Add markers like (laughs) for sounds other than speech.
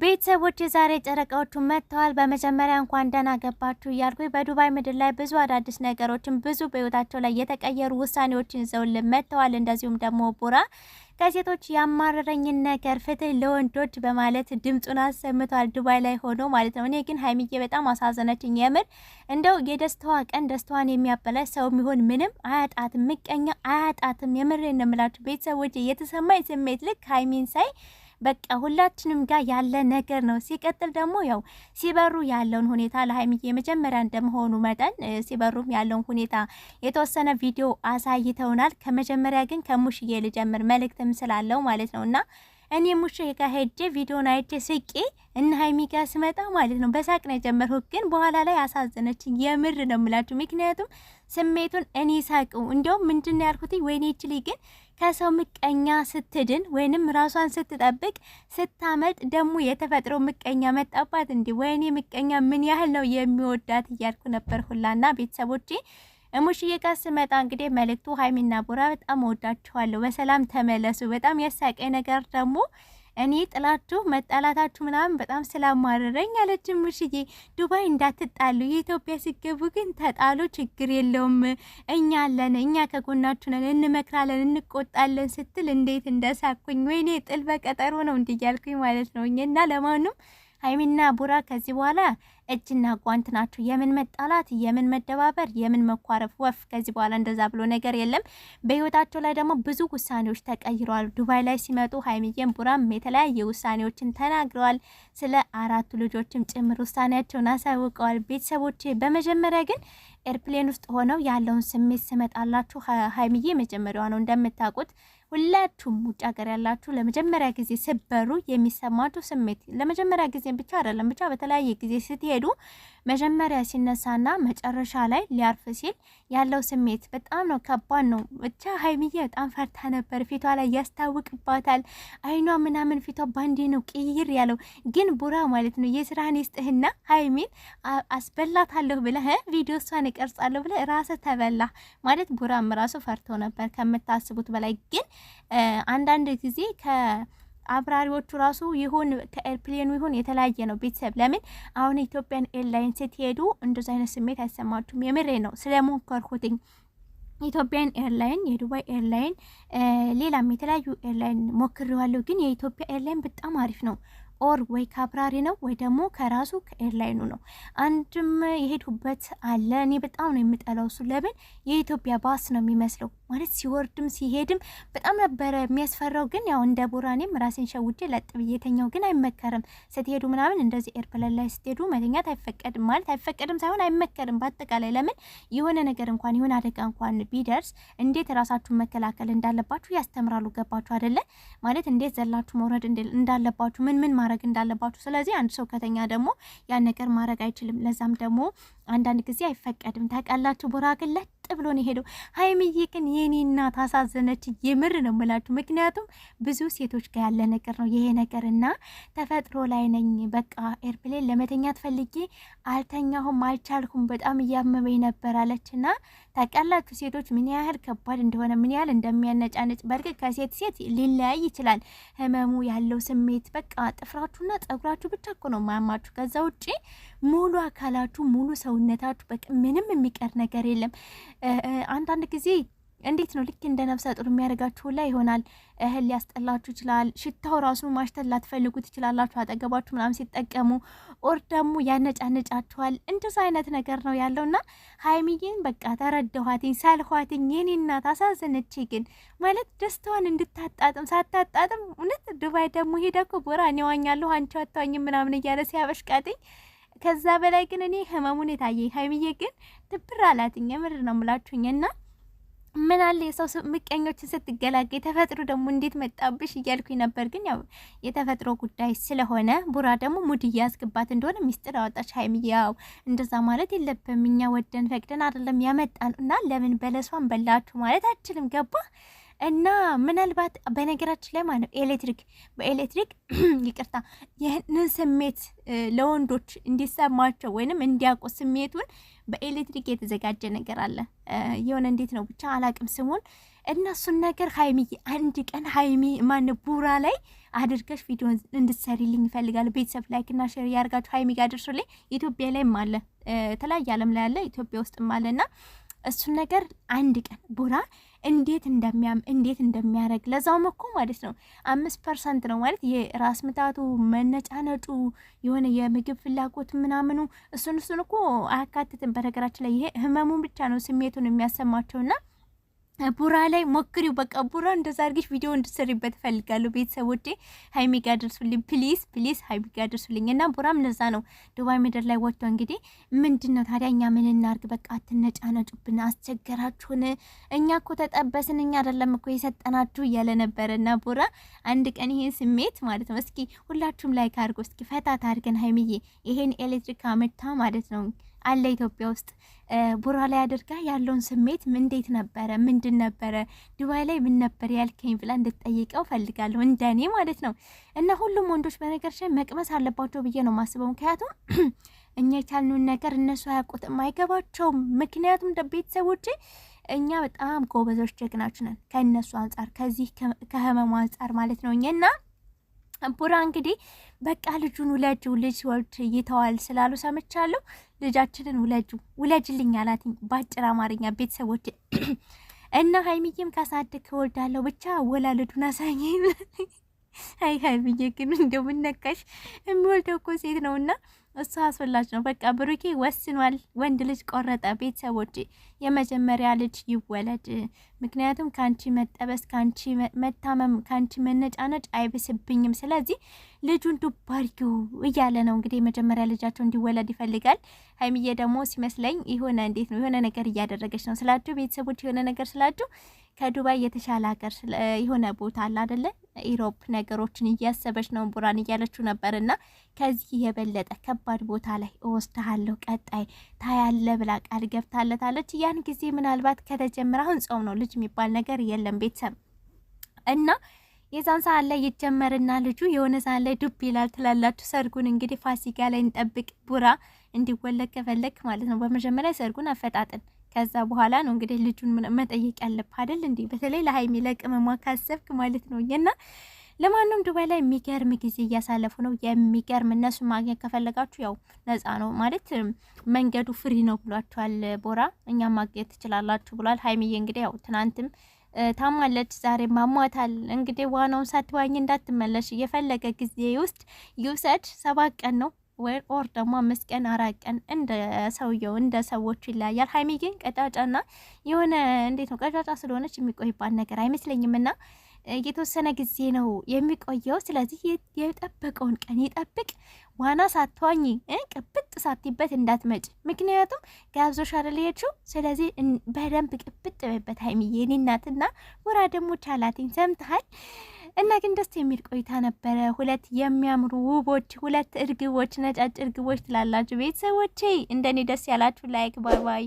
ቤተሰቦች የዛሬ ጨረቃዎቹ መጥተዋል። በመጀመሪያ እንኳን ደህና ገባችሁ እያልኩ በዱባይ ምድር ላይ ብዙ አዳዲስ ነገሮችን ብዙ በህይወታቸው ላይ የተቀየሩ ውሳኔዎችን ይዘውልን መጥተዋል። እንደዚሁም ደግሞ ቡራ ከሴቶች ያማረረኝን ነገር ፍትህ ለወንዶች በማለት ድምፁን አሰምቷል። ዱባይ ላይ ሆኖ ማለት ነው። እኔ ግን ሀይሚዬ በጣም አሳዘነችኝ። የምር እንደው የደስታዋ ቀን ደስታዋን የሚያበላሽ ሰው የሚሆን ምንም አያጣትም፣ ምቀኛ አያጣትም። የምር እንምላችሁ ቤተሰቦች የተሰማኝ ስሜት ልክ ሀይሚን ሳይ በቃ ሁላችንም ጋር ያለ ነገር ነው። ሲቀጥል ደግሞ ያው ሲበሩ ያለውን ሁኔታ ለሀይሚዬ መጀመሪያ እንደመሆኑ መጠን ሲበሩም ያለውን ሁኔታ የተወሰነ ቪዲዮ አሳይተውናል። ከመጀመሪያ ግን ከሙሽዬ ልጀምር መልእክትም ስላለው ማለት ነው እና እኔ ሙሽ ጋ ሄጄ ቪዲዮን አይቼ ስቄ እና ሀይሚ ጋ ስመጣ ማለት ነው በሳቅ ነው የጀመርኩት፣ ግን በኋላ ላይ አሳዘነች። የምር ነው የምላችሁ። ምክንያቱም ስሜቱን እኔ ሳቅው። እንዲያውም ምንድን ነው ያልኩት፣ ወይኔ ይችል ግን ከሰው ምቀኛ ስትድን ወይንም ራሷን ስትጠብቅ ስታመልጥ፣ ደግሞ የተፈጥሮ ምቀኛ መጣባት። እንዲ ወይኔ ምቀኛ ምን ያህል ነው የሚወዳት እያልኩ ነበር ሁላና ቤተሰቦቼ እሙሽዬ ጋር ስመጣ እንግዲህ መልእክቱ ሀይሚና ቡራ በጣም ወዳችኋለሁ፣ በሰላም ተመለሱ። በጣም ያሳቀኝ ነገር ደግሞ እኔ ጥላችሁ መጣላታችሁ ምናምን በጣም ስላማረረኝ አለች እሙሽዬ። ዱባይ እንዳትጣሉ የኢትዮጵያ ሲገቡ ግን ተጣሉ፣ ችግር የለውም እኛ አለን፣ እኛ ከጎናችሁ ነን፣ እንመክራለን፣ እንቆጣለን ስትል እንዴት እንደሳኩኝ ወይኔ! ጥል በቀጠሮ ነው እንዲያልኩኝ ማለት ነው እና ለማንም ሀይሚና ቡራ ከዚህ በኋላ እጅና ጓንት ናቸው። የምን መጣላት፣ የምን መደባበር፣ የምን መኳረፍ ወፍ ከዚህ በኋላ እንደዛ ብሎ ነገር የለም። በህይወታቸው ላይ ደግሞ ብዙ ውሳኔዎች ተቀይረዋል። ዱባይ ላይ ሲመጡ ሀይሚዬም ቡራም የተለያየ ውሳኔዎችን ተናግረዋል። ስለ አራቱ ልጆችም ጭምር ውሳኔያቸውን አሳውቀዋል። ቤተሰቦች በመጀመሪያ ግን ኤርፕሌን ውስጥ ሆነው ያለውን ስሜት ስመጣላችሁ ሀይሚዬ መጀመሪያዋ ነው እንደምታውቁት ሁላችሁም ውጭ ሀገር ያላችሁ ለመጀመሪያ ጊዜ ስበሩ የሚሰማችሁ ስሜት ለመጀመሪያ ጊዜ ብቻ አይደለም፣ ብቻ በተለያየ ጊዜ ስትሄዱ መጀመሪያ ሲነሳና መጨረሻ ላይ ሊያርፍ ሲል ያለው ስሜት በጣም ነው ከባድ ነው። ብቻ ሀይሚዬ በጣም ፈርታ ነበር። ፊቷ ላይ ያስታውቅባታል፣ አይኗ ምናምን ፊቷ ባንዴ ነው ቅይር ያለው። ግን ቡራ ማለት ነው የስራህን ይስጥህና ሀይሚን አስበላታለሁ ብለህ ቪዲዮ እሷን እቀርጻለሁ ብለህ ራስህ ተበላ ማለት ቡራም ራሱ ፈርቶ ነበር ከምታስቡት በላይ ግን አንዳንድ ጊዜ ከአብራሪዎቹ ራሱ ይሁን ከኤርፕሌኑ ይሁን የተለያየ ነው። ቤተሰብ ለምን አሁን ኢትዮጵያን ኤርላይን ስትሄዱ እንደዚ አይነት ስሜት አይሰማችሁም? የምሬ ነው ስለሞከርኩትኝ ኢትዮጵያን ኤርላይን የዱባይ ኤርላይን ሌላም የተለያዩ ኤርላይን ሞክሬዋለሁ። ግን የኢትዮጵያ ኤርላይን በጣም አሪፍ ነው። ኦር ወይ ከአብራሪ ነው ወይ ደግሞ ከራሱ ከኤርላይኑ ነው። አንድም የሄዱበት አለ። እኔ በጣም ነው የምጠላው እሱ። ለምን የኢትዮጵያ ባስ ነው የሚመስለው ማለት ሲወርድም ሲሄድም በጣም ነበረ የሚያስፈራው። ግን ያው እንደ ቦራኔም ራሴን ሸውጄ ለጥ ብዬ ተኛው። ግን አይመከርም ስትሄዱ ምናምን እንደዚህ ኤርፕለን ላይ ስትሄዱ መተኛት አይፈቀድም። ማለት አይፈቀድም ሳይሆን አይመከርም በአጠቃላይ። ለምን የሆነ ነገር እንኳን የሆነ አደጋ እንኳን ቢደርስ እንዴት ራሳችሁን መከላከል እንዳለባችሁ ያስተምራሉ። ገባችሁ አደለ? ማለት እንዴት ዘላችሁ መውረድ እንዳለባችሁ፣ ምን ምን ማድረግ እንዳለባችሁ። ስለዚህ አንድ ሰው ከተኛ ደግሞ ያን ነገር ማድረግ አይችልም። ለዛም ደግሞ አንዳንድ ጊዜ አይፈቀድም። ታውቃላችሁ ቦራ ብሎ ነው የሄደው። ሀይሚዬ ግን የኔ እናት አሳዘነች። የምር ነው ምላችሁ፣ ምክንያቱም ብዙ ሴቶች ጋር ያለ ነገር ነው ይሄ ነገር እና ተፈጥሮ ላይ ነኝ። በቃ ኤርፕሌን ለመተኛት ፈልጌ አልተኛሁም፣ አልቻልኩም፣ በጣም እያመመኝ ነበር አለች እና ታውቃላችሁ ሴቶች ምን ያህል ከባድ እንደሆነ ምን ያህል እንደሚያነጫነጭ። በእርግጥ ከሴት ሴት ሊለያይ ይችላል ህመሙ ያለው ስሜት። በቃ ጥፍራችሁና ጸጉራችሁ ብቻ እኮ ነው ማያማችሁ። ከዛ ውጭ ሙሉ አካላችሁ ሙሉ ሰውነታችሁ በቃ ምንም የሚቀር ነገር የለም። አንዳንድ ጊዜ እንዴት ነው ልክ እንደ ነፍሰ ጡር የሚያደርጋችሁ ላይ ይሆናል። እህል ሊያስጠላችሁ ይችላል። ሽታው ራሱ ማሽተት ላትፈልጉ ትችላላችሁ። አጠገባችሁ ምናምን ሲጠቀሙ ኦር ደግሞ ያነጫነጫችኋል። እንደዛ አይነት ነገር ነው ያለውና ሀይሚዬን በቃ ተረዳኋትኝ፣ ሳልኋትኝ። የኔ እናት አሳዘነች። ግን ማለት ደስታዋን እንድታጣጥም ሳታጣጥም እውነት ዱባይ ደግሞ ሄደ እኮ ቦራ እኔ ዋኛለሁ አንቺ አታኝ ምናምን እያለ ሲያበሽቃጥኝ ከዛ በላይ ግን እኔ ህመሙን የታየኝ ሀይሚዬ ግን ትብር አላትኝ። የምር ነው ምላችሁኝ እና ምን አለ የሰው ምቀኞችን ስትገላገ ተፈጥሮ ደግሞ እንዴት መጣብሽ እያልኩኝ ነበር። ግን ያው የተፈጥሮ ጉዳይ ስለሆነ ቡራ ደግሞ ሙድ እያዝግባት እንደሆነ ሚስጥር አወጣች ሀይሚዬ። ያው እንደዛ ማለት የለብም እኛ ወደን ፈቅደን አይደለም ያመጣን እና ለምን በለሷን በላችሁ ማለት አችልም ገባ እና ምናልባት በነገራችን ላይ ማለት ነው ኤሌክትሪክ በኤሌክትሪክ (clears throat) ይቅርታ፣ ይህንን ስሜት ለወንዶች እንዲሰማቸው ወይንም እንዲያውቁ ስሜቱን በኤሌክትሪክ የተዘጋጀ ነገር አለ። የሆነ እንዴት ነው ብቻ አላቅም ስሙን እና እሱን ነገር ሀይሚ አንድ ቀን ሀይሚ ማን ቡራ ላይ አድርገሽ ቪዲዮ እንድትሰሪልኝ እፈልጋለሁ። ቤተሰብ ላይክና ሼር ያርጋችሁ ሀይሚ ጋር ደርሱልኝ። ኢትዮጵያ ላይም አለ የተለያየ አለም ላይ አለ ኢትዮጵያ ውስጥም አለ እና እሱን ነገር አንድ ቀን ቡራ እንዴት እንደሚያም እንዴት እንደሚያደርግ ለዛውም እኮ ማለት ነው አምስት ፐርሰንት ነው ማለት የራስ ምታቱ መነጫነጩ የሆነ የምግብ ፍላጎት ምናምኑ እሱን እሱን እኮ አያካትትም። በነገራችን ላይ ይሄ ህመሙን ብቻ ነው ስሜቱን የሚያሰማቸውና ቡራ ላይ ሞክሪው። በቃ ቡራ እንደዛ አድርገሽ ቪዲዮ እንድትሰሪበት እፈልጋለሁ። ቤተሰቦቼ ሀይሚ ጋ ደርሱልኝ፣ ፕሊዝ ፕሊዝ፣ ሀይሚ ጋ ደርሱልኝ። እና ቡራም ነዛ ነው ዱባይ ምድር ላይ ወጥቶ እንግዲህ ምንድን ነው ታዲያ እኛ ምን እናርግ? በቃ አትነጫነጩብን፣ አስቸገራችሁን፣ እኛ እኮ ተጠበስን፣ እኛ አይደለም እኮ የሰጠናችሁ እያለ ነበረ። እና ቡራ አንድ ቀን ይሄን ስሜት ማለት ነው እስኪ ሁላችሁም ላይክ አድርጎ እስኪ ፈታት አድርገን ሀይሚዬ ይሄን ኤሌክትሪክ አመታ ማለት ነው አለ ኢትዮጵያ ውስጥ ቡራ ላይ አድርጋ ያለውን ስሜት እንዴት ነበረ? ምንድን ነበረ? ዱባይ ላይ ምን ነበር ያልከኝ ብላ እንድትጠይቀው ፈልጋለሁ፣ እንደኔ ማለት ነው። እና ሁሉም ወንዶች በነገር መቅመስ አለባቸው ብዬ ነው ማስበው። ምክንያቱም (clears throat) እኛ የቻልነውን ነገር እነሱ አያውቁትም፣ አይገባቸውም። ምክንያቱም ቤተሰቦቼ እኛ በጣም ጎበዞች ጀግናች ነን፣ ከእነሱ አንጻር ከዚህ ከህመሙ አንጻር ማለት ነው እኛና ቡራ እንግዲህ በቃ ልጁን ውለጁ ልጅ ወልድ ይተዋል ስላሉ ሰምቻለሁ። ልጃችንን ውለጁ ውለጅልኝ አላትኝ በአጭር አማርኛ ቤተሰቦች (clears throat) እና ሀይሚዬም ካሳድግ እወልዳለሁ ብቻ ወላለዱን አሳየኝ። (laughs) አይ ሀይሚዬ ግን እንደምነካሽ የሚወልደው እኮ ሴት ነው እና እሱ አስፈላጊ ነው። በቃ ብሩኬ ወስኗል። ወንድ ልጅ ቆረጠ። ቤተሰቦች የመጀመሪያ ልጅ ይወለድ ምክንያቱም ከአንቺ መጠበስ፣ ከአንቺ መታመም፣ ከአንቺ መነጫነጭ አይብስብኝም። ስለዚህ ልጁን ዱብ እያለ ነው እንግዲህ የመጀመሪያ ልጃቸው እንዲወለድ ይፈልጋል። ሀይሚዬ ደግሞ ሲመስለኝ የሆነ እንዴት ነው የሆነ ነገር እያደረገች ነው ስላችሁ፣ ቤተሰቦች የሆነ ነገር ስላችሁ ከዱባይ የተሻለ ሀገር የሆነ ቦታ አለ አደለ? ኢሮፕ ነገሮችን እያሰበች ነው ቡራን እያለችው ነበር። እና ከዚህ የበለጠ ከባድ ቦታ ላይ እወስድሃለሁ ቀጣይ ታያለ ብላ ቃል ገብታለታለች። ያን ጊዜ ምናልባት ከተጀመረ አሁን ጾም ነው ልጅ ልጅ የሚባል ነገር የለም ቤተሰብ እና የዛን ሰዓት ላይ ይጀመርና ልጁ የሆነ ሰዓት ላይ ዱብ ይላል ትላላችሁ። ሰርጉን እንግዲህ ፋሲካ ላይ እንጠብቅ። ቡራ እንዲወለድ ከፈለክ ማለት ነው በመጀመሪያ ሰርጉን አፈጣጥን። ከዛ በኋላ ነው እንግዲህ ልጁን መጠየቅ ያለብህ አይደል? እንዲህ በተለይ ለሀይሚ ለቅመሟ ካሰብክ ማለት ነው እና ለማንም ዱባይ ላይ የሚገርም ጊዜ እያሳለፉ ነው። የሚገርም እነሱ ማግኘት ከፈለጋችሁ ያው ነፃ ነው ማለት መንገዱ ፍሪ ነው ብሏቸዋል። ቦራ እኛ ማግኘት ትችላላችሁ ብሏል። ሀይሚዬ እንግዲህ ያው ትናንትም ታማለች ዛሬ ማሟታል። እንግዲህ ዋናውን ሳትዋኝ እንዳትመለሽ፣ የፈለገ ጊዜ ውስጥ ይውሰድ። ሰባት ቀን ነው ወይ ኦር ደግሞ አምስት ቀን አራት ቀን እንደ ሰውየው እንደ ሰዎቹ ይለያያል። ሀይሚ ግን ቀጫጫና የሆነ እንዴት ነው ቀጫጫ ስለሆነች የሚቆይባት ነገር አይመስለኝም እና የተወሰነ ጊዜ ነው የሚቆየው። ስለዚህ የጠበቀውን ቀን ይጠብቅ። ዋና ሳትዋኝ ቅብጥ ሳትበት እንዳትመጭ። ምክንያቱም ጋብዞሽ አደለየችው። ስለዚህ በደንብ ቅብጥ በበት ሀይሚዬ፣ እኔ እናትና ደግሞ ቻላትኝ ሰምተሃል። እና ግን ደስ የሚል ቆይታ ነበረ። ሁለት የሚያምሩ ውቦች፣ ሁለት እርግቦች፣ ነጫጭ እርግቦች ትላላችሁ ቤተሰቦቼ። እንደኔ ደስ ያላችሁ ላይክ ባይ ባይ